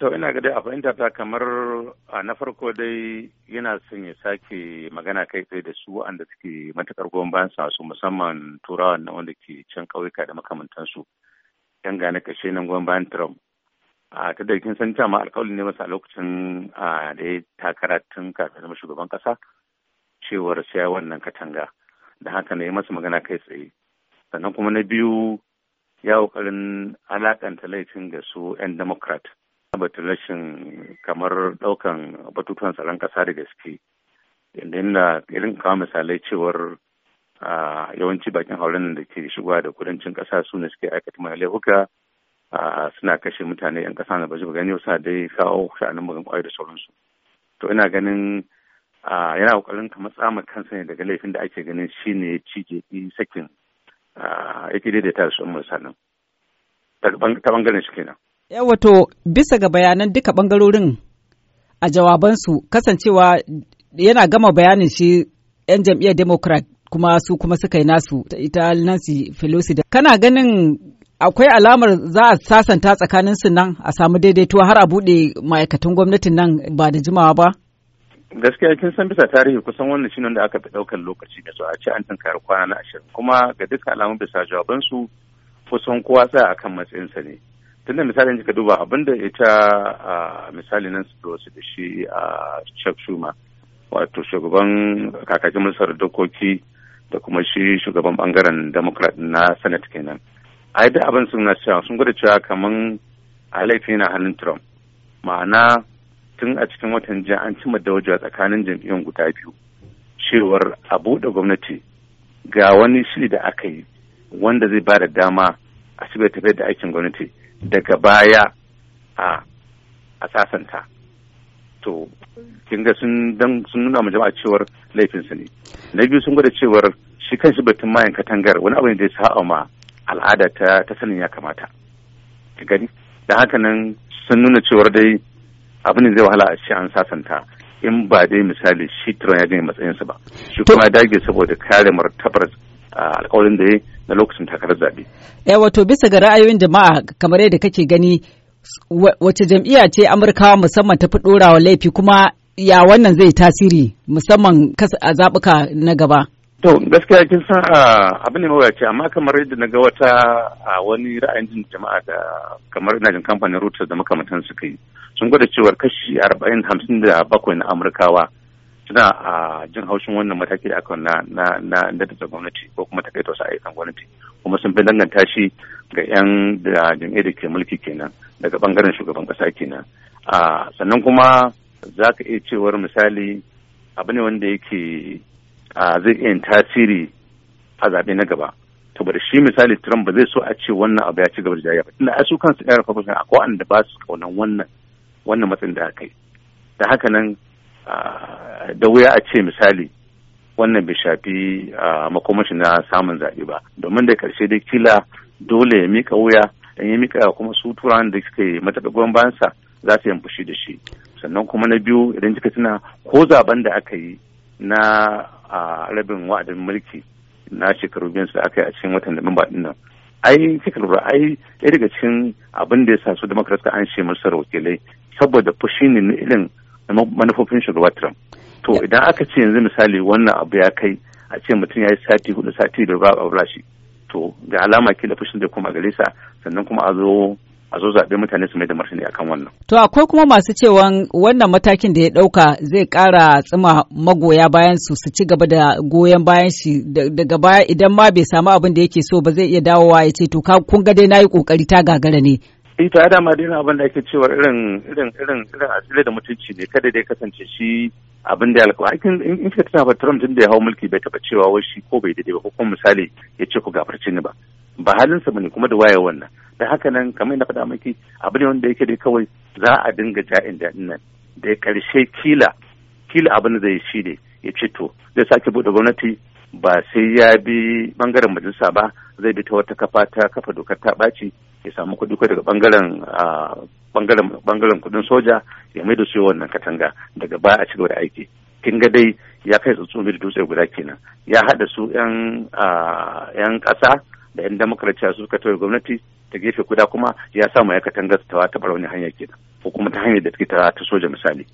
To ina ga dai a fahimta ta kamar na farko dai yana son ya sake magana kai tsaye da su wanda suke matakar goyon bayan su musamman turawa na wanda ke can ƙauyuka da makamantansu yan gane kashe nan goyon bayan Trump. A ta da kin san ma alƙawalin ne masa a lokacin da ya takara tun kafin zama shugaban ƙasa cewar sai wannan katanga da haka ne ya masa magana kai tsaye. Sannan kuma na biyu ya ƙoƙarin alaƙanta laifin ga su 'yan Democrat. batun rashin kamar ɗaukan batutuwan tsaron kasa da gaske inda yana irin kawo misalai cewar yawanci bakin hauren da ke shigowa da kudancin kasa su ne suke aikata mai laifuka suna kashe mutane 'yan kasa na ba zuba gani suna dai kawo sha'anin bugan ƙwayar da sauransu to ina ganin yana ka matsa tsama kansa ne daga laifin da ake ganin shine cije sakin yake daidaita da su sanin ta bangaren shi kenan wato bisa ga bayanan duka bangarorin a jawabansu kasancewa yana gama bayanin shi 'yan jam'iyyar democrat kuma su kuma suka yi nasu ita Nancy Pelosi da kana ganin akwai alamar za a sasanta tsakanin su nan a samu daidaituwa har a buɗe ma'aikatan gwamnatin nan ba da jimawa ba gaskiya kin san bisa tarihi kusan wannan shine da aka fi daukar lokaci da su a ce an tunkari kwana na ashirin kuma ga duka alamun bisa jawabansu kusan kowa tsaya akan matsayinsa ne tunda misalin jika duba abinda ita misali nan su da shi a Chuck Schumer wato shugaban kakakin masar, dokoki da kuma shi shugaban bangaren democrat na senate kenan A yadda abin sun na cewa sun gwada cewa kamar a laifi na hannun trump ma'ana tun a cikin watan jiya an cimma wajewa tsakanin jam'iyyun guda biyu cewar a buɗe gwamnati ga wani shiri da aka yi wanda zai ba da dama a tafiyar da aikin gwamnati daga baya a a sasanta to kin ga sun dan sun nuna mu jama'a cewar laifin su ne na biyu sun gwada cewar shi shi batun mayan katangar wani abu ne da ya sa'a ma al'ada ta ta sanin ya kamata ki gani da haka nan sun nuna cewar dai abin zai wahala a ce an sasanta in ba dai misali shi tron ya gani sa ba shi kuma ya dage saboda kare martabar alkawarin da ya na lokacin takarar zaɓe. Eh wato bisa ga ra'ayoyin jama'a kamar yadda kake gani wace jam'iyya ce Amurkawa musamman ta fi ɗorawa laifi kuma ya wannan zai tasiri musamman a zaɓuka na gaba. To gaskiya kin san abin ne mawuyaci amma kamar yadda na ga wata a wani ra'ayin jin jama'a da kamar ina jin kamfanin Reuters da makamantan suka yi sun gwada cewar kashi arba'in hamsin da bakwai na Amurkawa suna a jin haushin wannan mataki da aka na na na da gwamnati ko kuma ta ta wasu ayyukan gwamnati kuma sun fi danganta shi ga yan da jam'iyyar da ke mulki kenan daga bangaren shugaban kasa kenan a sannan kuma za ka iya cewar misali abu ne wanda yake a zai iya tasiri a zaɓe na gaba To bari shi misali Trump ba zai so a ce wannan abu ya ci gaba da jayayya ba tunda su kansu ɗan Republican akwai wanda ba su kaunan wannan wannan matsin da aka yi da haka nan da wuya a ce misali wannan bai shafi makomashi na samun zaɓe ba domin da ƙarshe dai kila dole ya mika wuya in ya mika kuma su turan da suka yi mataɓa goyon bayansa za su yi da shi sannan kuma na biyu idan kika tuna ko zaben da aka yi na rabin wa'adin mulki na shekaru biyu da aka yi a cikin watan da baɗin nan ai kika lura ai ɗaya daga cikin abin da ya sa su demokrat ka an ce masar wakilai saboda fushi ne na irin manufofin shugaba Trump. to idan aka ce yanzu misali wannan abu ya kai a ce mutum ya yi sati hudu sati da ba a shi to ga alama kila fushin da kuma gare sannan kuma a zo a zo zaɓe mutane su mai da martani akan wannan. To akwai kuma masu cewa wannan matakin da ya ɗauka zai ƙara tsima magoya bayan su su ci gaba da goyon bayan shi daga baya idan ma bai samu abin da yake so ba zai iya dawowa ya ce to kun ga dai na yi ƙoƙari ta gagara ne Eh, ita ya dama dina abin da ake cewa irin irin irin irin asiri da mutunci ne kada dai kasance shi abin da alƙawari aikin in ka tana ba Trump tun da ya hau mulki bai taɓa cewa wai shi ko bai daidai ba ko kuma misali ya ce ku gafarci ni ba ba halin halinsa bane kuma da waye wannan da haka nan kamar na faɗa maki abu ne wanda yake dai kawai za a dinga ja'in da nan da ƙarshe kila kila abin da zai shi ne ya ce to zai sake buɗe gwamnati ba sai ya bi bangaren majalisa ba zai bi ta wata kafa ta kafa dokar ta ɓaci ya samu kuɗi kai daga bangaren bangaren bangaren kuɗin soja ya mai da su wannan katanga daga baya a cigaba da aiki kin ga dai ya kai tsuntsu da dutse guda kenan ya haɗa su yan yan ƙasa da yan demokraciya su suka tawai gwamnati ta gefe guda kuma ya sa ma ya katanga ta taɓa wani hanya kenan ko kuma ta hanyar da take ta soja misali.